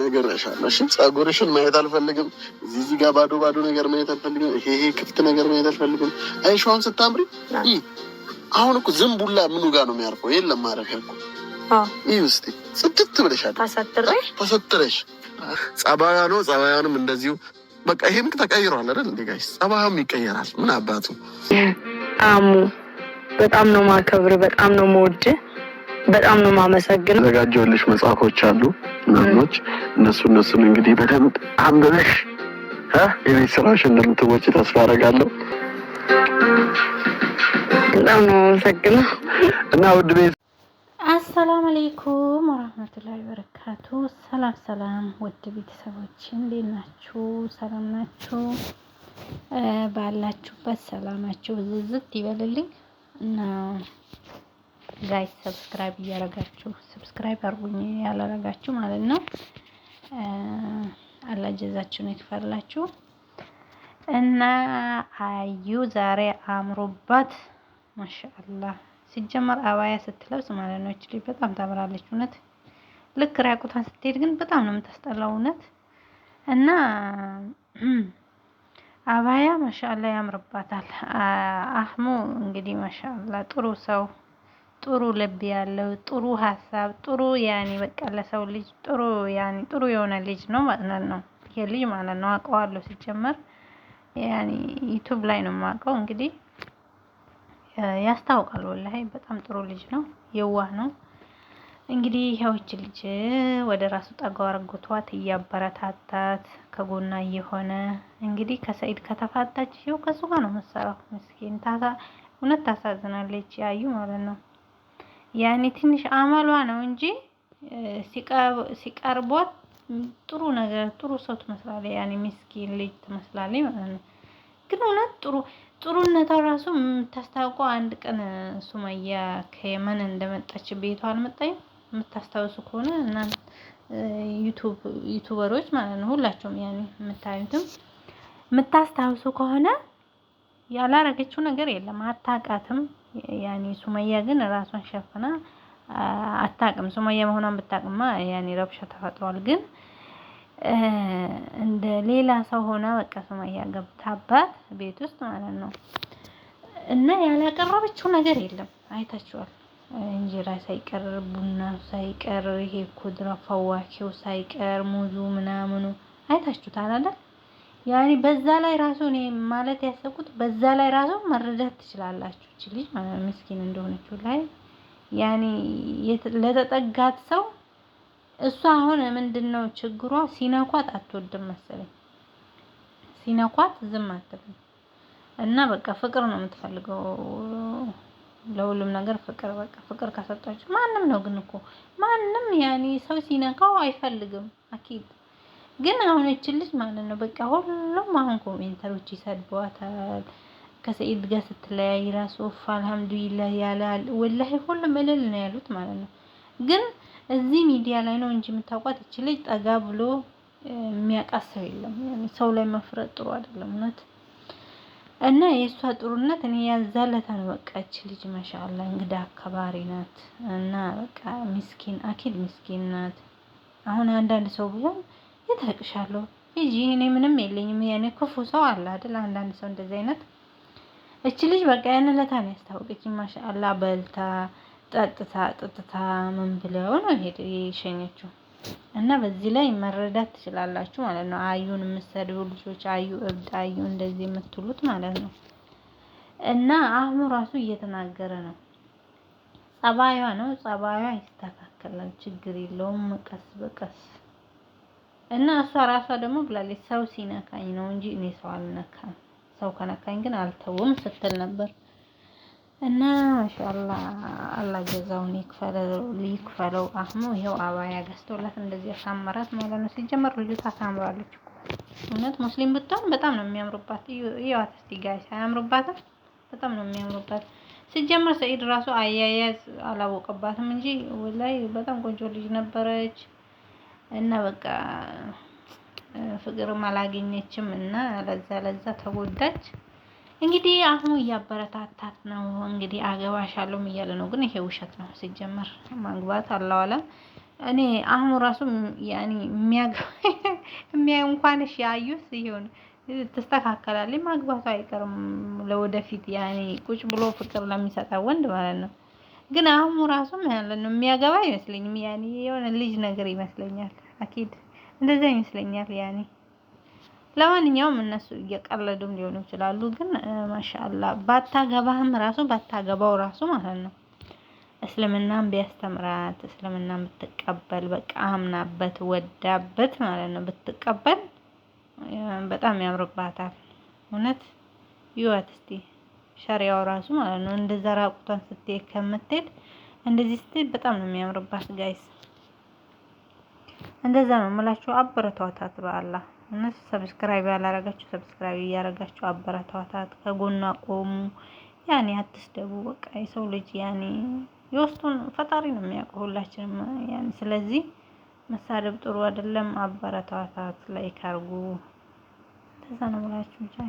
ነገርሻለሽ። ጸጉርሽን ማየት አልፈልግም። እዚህ ጋር ባዶ ባዶ ነገር ማየት አልፈልግም። ይሄ ክፍት ነገር ማየት አልፈልግም። አይሻውን ስታምሪ አሁን እኮ ዝንቡላ ምኑ ጋር ነው የሚያርፈው? የለም ማረፊያ እኮ ይህ ውስጥ ስድት ብለሻል። ተሰትረሽ ጸባያ ነው። ጸባያንም እንደዚሁ በቃ ይሄም ተቀይሯል አይደል? እንደ ጋሽ ጸባያም ይቀየራል። ምን አባቱ አሙ በጣም ነው ማከብር፣ በጣም ነው መወድህ በጣም ነው ማመሰግን። ዘጋጀሁልሽ መጽሐፎች አሉ ምናምኖች እነሱ እነሱን እንግዲህ በደንብ አንብበሽ የቤት ስራሽ እንደምትወጪ ተስፋ አደርጋለሁ። በጣም ነው ማመሰግነው እና ውድ ቤት አሰላም አለይኩም ወራህመቱላሂ ወበረካቱ። ሰላም ሰላም፣ ውድ ቤተሰቦች እንዴት ናችሁ? ሰላም ናችሁ? ባላችሁበት ሰላማችሁ ብዝዝት ይበልልኝ እና ጋይስ ሰብስክራይብ እያረጋችሁ ሰብስክራይብ አርጉኝ ያላረጋችሁ ማለት ነው። አላጀዛችሁን ይክፈላችሁ እና አዩ ዛሬ አምሮባት ማሻአላ ሲጀመር አባያ ስትለብስ ማለት ነው እቺ በጣም ታምራለች። እውነት ልክ ራቁቷን ስትሄድ ግን በጣም ነው የምታስጠላው። እውነት እና አባያ ማሻአላ ያምርባታል። አህሙ እንግዲህ ማሻአላ ጥሩ ሰው ጥሩ ልብ ያለው ጥሩ ሀሳብ ጥሩ ያኔ በቃ ለሰው ልጅ ጥሩ ያኔ ጥሩ የሆነ ልጅ ነው ማለት ነው። ይሄ ልጅ ማለት ነው አውቀዋለሁ። ሲጀመር ያኔ ዩቱብ ላይ ነው የማውቀው እንግዲህ ያስታውቃል። ወላሂ በጣም ጥሩ ልጅ ነው፣ የዋህ ነው። እንግዲህ ይሄዎች ልጅ ወደ ራሱ ጠጋ አርግቷት እያበረታታት ከጎና እየሆነ እንግዲህ ከሰኢድ ከተፋታች ይኸው ከሱ ጋር ነው መሰራው። ምስኪን ታሳ እውነት ታሳዝናለች ያዩ ማለት ነው። ያኔ ትንሽ አመሏ ነው እንጂ ሲቀርቧት ጥሩ ነገር ጥሩ ሰው ትመስላለች። ያኔ ምስኪን ልጅ ትመስላለች ማለት ነው። ግን እውነት ጥሩ ጥሩነቷ ራሱ የምታስታውቀው አንድ ቀን ሱመያ ከየመን እንደመጣች ቤቷ አልመጣኝ የምታስታውሱ ከሆነ እና ዩቱበሮች ማለት ነው ሁላቸውም ያኔ የምታዩትም የምታስታውሱ ከሆነ ያላረገችው ነገር የለም አታውቃትም። ያኔ ሱመያ ግን ራሷን ሸፍና አታቅም። ሱመያ መሆኗን ብታቅማ ያኔ ረብሻ ተፈጥሯል። ግን እንደ ሌላ ሰው ሆና በቃ ሱመያ ገብታባት ቤት ውስጥ ማለት ነው። እና ያላቀረበችው ነገር የለም አይታችኋል። እንጀራ ሳይቀር ቡና ሳይቀር ይሄ ኩድራ ፈዋኪው ሳይቀር ሙዙ ምናምኑ አይታችሁታል አይደል? ያኔ በዛ ላይ ራሱ እኔ ማለት ያሰብኩት በዛ ላይ ራሱ መረዳት ትችላላችሁ እቺ ልጅ ምስኪን እንደሆነችው ላይ ያኔ ለተጠጋት ሰው እሷ አሁን ምንድነው ችግሯ? ሲነኳት አትወድም መሰለኝ ሲነኳት ዝም አትልም እና በቃ ፍቅር ነው የምትፈልገው። ለሁሉም ነገር ፍቅር በቃ ፍቅር ካሰጣችሁ ማንም ነው ግን እኮ ማንም ያኔ ሰው ሲነካው አይፈልግም አኪድ ግን አሁን ይችን ልጅ ማለት ነው በቃ ሁሉም አሁን ኮሜንተሮች ይሰድቧታል። ከሰኢድ ጋር ስትለያይ ራሱ ኡፍ አልሐምዱሊላህ ያላል። ወላሂ ሁሉም እልል ነው ያሉት ማለት ነው። ግን እዚህ ሚዲያ ላይ ነው እንጂ የምታውቋት ይች ልጅ ጠጋ ብሎ የሚያውቃት ሰው የለም። ሰው ላይ መፍረጥ ጥሩ አይደለም እውነት እና የእሷ ጥሩነት እኔ ያዛለታ ነው። በቃ እች ልጅ ማሻአላ እንግዳ አከባሪ ናት። እና በቃ ሚስኪን አኪል ሚስኪን ናት። አሁን አንዳንድ ሰው ቢሆን እታቅሻለሁ ሂጂ፣ እኔ ምንም የለኝም። የኔ ክፉ ሰው አለ አይደል? አንዳንድ ሰው እንደዚህ አይነት እች ልጅ በቃ ያን ዕለት ነው ያስታወቀች። ማሻአላ በልታ ጠጥታ ጠጥታ ምን ብለው ነው ሄድ የሸኘችው። እና በዚህ ላይ መረዳት ትችላላችሁ ማለት ነው። አዩን የምትሰድቡ ልጆች፣ አዩ እብድ፣ አዩ እንደዚህ የምትሉት ማለት ነው። እና አህሙ ራሱ እየተናገረ ነው። ጸባዩ ነው ጸባዩ ይስተካከላል፣ ችግር የለውም። ቀስ በቀስ እና እሷ ራሷ ደግሞ ብላለች ሰው ሲነካኝ ነው እንጂ እኔ ሰው አልነካም፣ ሰው ከነካኝ ግን አልተውም ስትል ነበር። እና ማሻአላ አላህ ጀዛውን ይክፈለው። አህሙ ይሄው አባያ ገዝቶላት እንደዚህ አሳመራት ማለት ነው። ሲጀመር ልጅቷ ታምራለች እኮ እውነት ሙስሊም ብትሆን በጣም ነው የሚያምሩባት። ይዋት እስቲ ጋይስ አያምሩባትም? በጣም ነው የሚያምሩባት። ሲጀመር ሰኢድ ራሱ አያያዝ አላወቀባትም እንጂ ወላይ በጣም ቆንጆ ልጅ ነበረች። እና በቃ ፍቅርም አላገኘችም እና ለዛ ለዛ ተጎዳች። እንግዲህ አሁን እያበረታታት ነው። እንግዲህ አገባሻለሁ እያለ ነው፣ ግን ይሄ ውሸት ነው ሲጀመር። ማግባት አላዋለ እኔ አሁን ራሱ ያኔ የሚያ እንኳን እሺ አዩስ ይሁን ትስተካከላለች፣ ማግባቱ አይቀርም ለወደፊት። ያኔ ቁጭ ብሎ ፍቅር ለሚሰጣ ወንድ ማለት ነው። ግን አሁን ራሱ ያለ ነው የሚያገባ አይመስለኝም። ያኔ የሆነ ልጅ ነገር ይመስለኛል። አኪድ እንደዛ ይመስለኛል ያኔ። ለማንኛውም እነሱ እየቀለዱም ሊሆኑ ይችላሉ። ግን ማሻአላ ባታገባህም ራሱ ባታገባው ራሱ ማለት ነው እስልምናን ቢያስተምራት እስልምናም ብትቀበል በቃ አምናበት ወዳበት ማለት ነው ብትቀበል በጣም ያምርባታል። እውነት ይወት እስቲ ሸሪያው ራሱ ማለት ነው እንደዛ ራቁቷን ስትሄድ ከምትሄድ እንደዚህ ስትሄድ በጣም ነው የሚያምርባት ጋይስ። እንደዛ ነው የምላችሁ። አበረታታት በአላህ እነሱ ሰብስክራይብ ያላረጋችሁ ሰብስክራይብ እያረጋችሁ አበረታታት፣ ከጎኗ ቆሙ። ያኔ አትስደቡ። በቃ የሰው ልጅ ያኔ የውስጡን ፈጣሪ ነው የሚያውቀው ሁላችንም። ያኔ ስለዚህ መሳደብ ጥሩ አይደለም። አበረታታት፣ ላይክ አርጉ። እንደዛ ነው የምላችሁ።